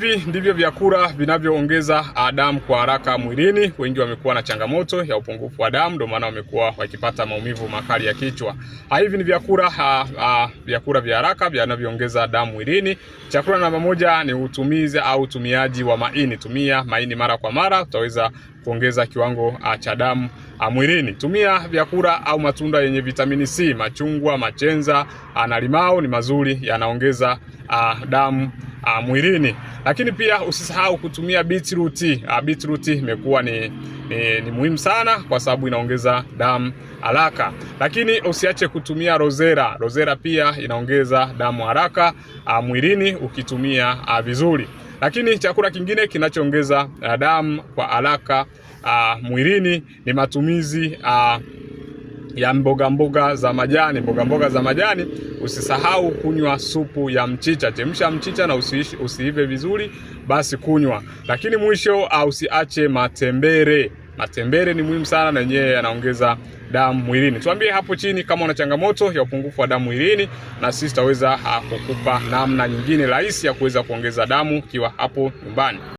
Hivi ndivyo vyakula vinavyoongeza damu kwa haraka mwilini. Wengi wamekuwa na changamoto ya upungufu wa damu, ndio maana wamekuwa wakipata maumivu makali ya kichwa. Ah, hivi ni vyakula ah, ah, vyakula vya haraka vinavyoongeza damu mwilini. Chakula namba moja ni utumizi au utumiaji wa maini. Tumia maini mara kwa mara, utaweza kuongeza kiwango cha damu mwilini. Tumia vyakula au matunda yenye vitamini C. Machungwa, machenza na limao ni mazuri, yanaongeza damu uh, mwilini. Lakini pia usisahau kutumia beetroot. Uh, beetroot imekuwa ni, ni, ni muhimu sana kwa sababu inaongeza damu haraka, lakini usiache kutumia rozera. Rosera pia inaongeza damu haraka uh, mwilini ukitumia uh, vizuri. Lakini chakula kingine kinachoongeza uh, damu kwa haraka uh, mwilini ni matumizi uh, ya mboga mboga za majani. Mboga mboga za majani, usisahau kunywa supu ya mchicha. Chemsha mchicha na usiishi, usiive vizuri, basi kunywa. Lakini mwisho ah, usiache matembere. Matembere ni muhimu sana na yeye yanaongeza damu mwilini. Tuambie hapo chini kama una changamoto ya upungufu wa damu mwilini, na sisi tutaweza ah, kukupa namna nyingine rahisi ya kuweza kuongeza damu ukiwa hapo nyumbani.